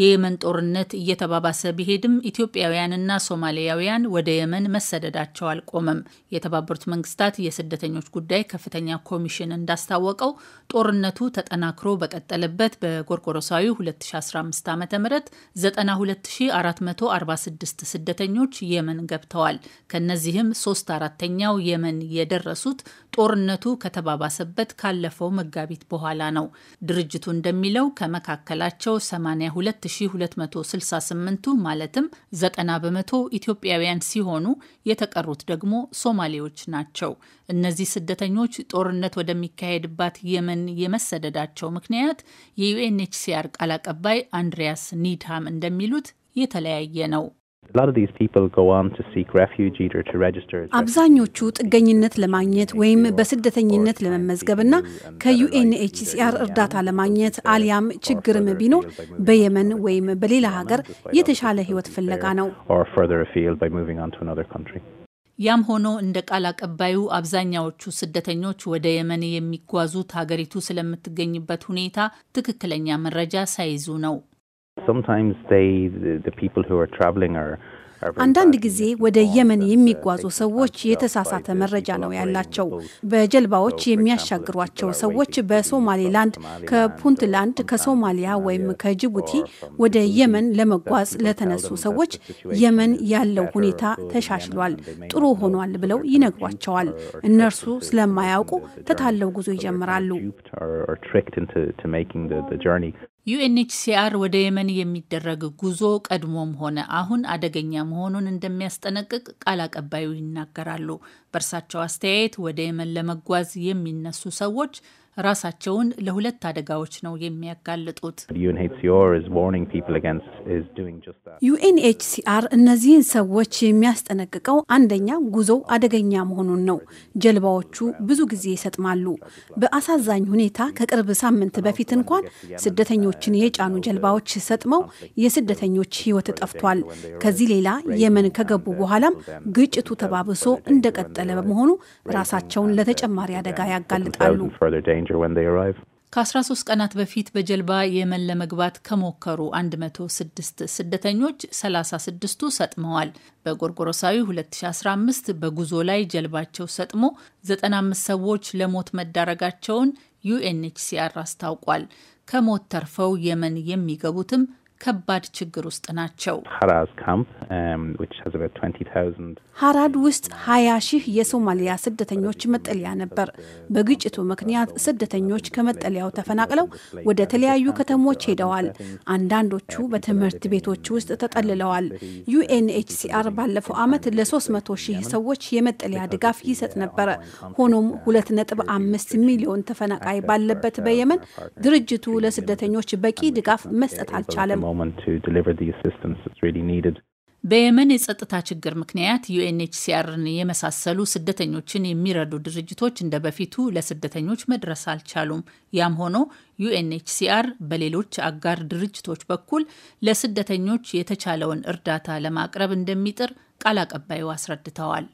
የየመን ጦርነት እየተባባሰ ቢሄድም ኢትዮጵያውያንና ሶማሊያውያን ወደ የመን መሰደዳቸው አልቆመም። የተባበሩት መንግስታት የስደተኞች ጉዳይ ከፍተኛ ኮሚሽን እንዳስታወቀው ጦርነቱ ተጠናክሮ በቀጠለበት በጎርጎሮሳዊ 2015 ዓ ም 92446 ስደተኞች የመን ገብተዋል። ከነዚህም ሶስት አራተኛው የመን የደረሱት ጦርነቱ ከተባባሰበት ካለፈው መጋቢት በኋላ ነው። ድርጅቱ እንደሚለው ከመካከላቸው 82 2268ቱ ማለትም 90 በመቶ ኢትዮጵያውያን ሲሆኑ የተቀሩት ደግሞ ሶማሌዎች ናቸው። እነዚህ ስደተኞች ጦርነት ወደሚካሄድባት የመን የመሰደዳቸው ምክንያት የዩኤንኤችሲአር ቃል አቀባይ አንድሪያስ ኒድሃም እንደሚሉት የተለያየ ነው። አብዛኞቹ ጥገኝነት ለማግኘት ወይም በስደተኝነት ለመመዝገብና ከዩኤንኤችሲአር እርዳታ ለማግኘት አሊያም ችግርም ቢኖር በየመን ወይም በሌላ ሀገር የተሻለ ሕይወት ፍለጋ ነው። ያም ሆኖ እንደ ቃል አቀባዩ አብዛኛዎቹ ስደተኞች ወደ የመን የሚጓዙት ሀገሪቱ ስለምትገኝበት ሁኔታ ትክክለኛ መረጃ ሳይዙ ነው። አንዳንድ ጊዜ ወደ የመን uh, የሚጓዙ ሰዎች የተሳሳተ መረጃ ነው ያላቸው። በጀልባዎች የሚያሻግሯቸው ሰዎች በሶማሌላንድ ከፑንትላንድ፣ ከሶማሊያ ወይም ከጅቡቲ ወደ የመን ለመጓዝ ለተነሱ ሰዎች የመን ያለው ሁኔታ ተሻሽሏል፣ ጥሩ ሆኗል ብለው ይነግሯቸዋል። እነርሱ ስለማያውቁ ተታለው ጉዞ ይጀምራሉ። ዩኤንኤችሲአር ወደ የመን የሚደረግ ጉዞ ቀድሞም ሆነ አሁን አደገኛ መሆኑን እንደሚያስጠነቅቅ ቃል አቀባዩ ይናገራሉ። በእርሳቸው አስተያየት ወደ የመን ለመጓዝ የሚነሱ ሰዎች ራሳቸውን ለሁለት አደጋዎች ነው የሚያጋልጡት። ዩኤንኤችሲአር እነዚህን ሰዎች የሚያስጠነቅቀው አንደኛ ጉዞው አደገኛ መሆኑን ነው። ጀልባዎቹ ብዙ ጊዜ ይሰጥማሉ። በአሳዛኝ ሁኔታ ከቅርብ ሳምንት በፊት እንኳን ስደተኞችን የጫኑ ጀልባዎች ሰጥመው የስደተኞች ሕይወት ጠፍቷል። ከዚህ ሌላ የመን ከገቡ በኋላም ግጭቱ ተባብሶ እንደቀጠለ የቀጠለ በመሆኑ uh, ራሳቸውን ለተጨማሪ uh, አደጋ uh, ያጋልጣሉ። ከ13 ቀናት በፊት በጀልባ የመን ለመግባት ከሞከሩ 106 ስደተኞች 36ቱ ሰጥመዋል። በጎርጎሮሳዊ 2015 በጉዞ ላይ ጀልባቸው ሰጥሞ 95 ሰዎች ለሞት መዳረጋቸውን ዩኤንኤችሲአር አስታውቋል። ከሞት ተርፈው የመን የሚገቡትም ከባድ ችግር ውስጥ ናቸው። ሀራድ um, ውስጥ ሀያ ሺህ የሶማሊያ ስደተኞች መጠለያ ነበር። በግጭቱ ምክንያት ስደተኞች ከመጠለያው ተፈናቅለው ወደ ተለያዩ ከተሞች ሄደዋል። አንዳንዶቹ በትምህርት ቤቶች ውስጥ ተጠልለዋል። ዩኤንኤችሲአር ባለፈው ዓመት ለ300 ሺህ ሰዎች የመጠለያ ድጋፍ ይሰጥ ነበረ። ሆኖም 2.5 ሚሊዮን ተፈናቃይ ባለበት በየመን ድርጅቱ ለስደተኞች በቂ ድጋፍ መስጠት አልቻለም። በየመን የጸጥታ ችግር ምክንያት ዩኤንኤችሲአርን የመሳሰሉ ስደተኞችን የሚረዱ ድርጅቶች እንደ በፊቱ ለስደተኞች መድረስ አልቻሉም። ያም ሆኖ ዩኤንኤችሲአር በሌሎች አጋር ድርጅቶች በኩል ለስደተኞች የተቻለውን እርዳታ ለማቅረብ እንደሚጥር ቃል አቀባዩ አስረድተዋል።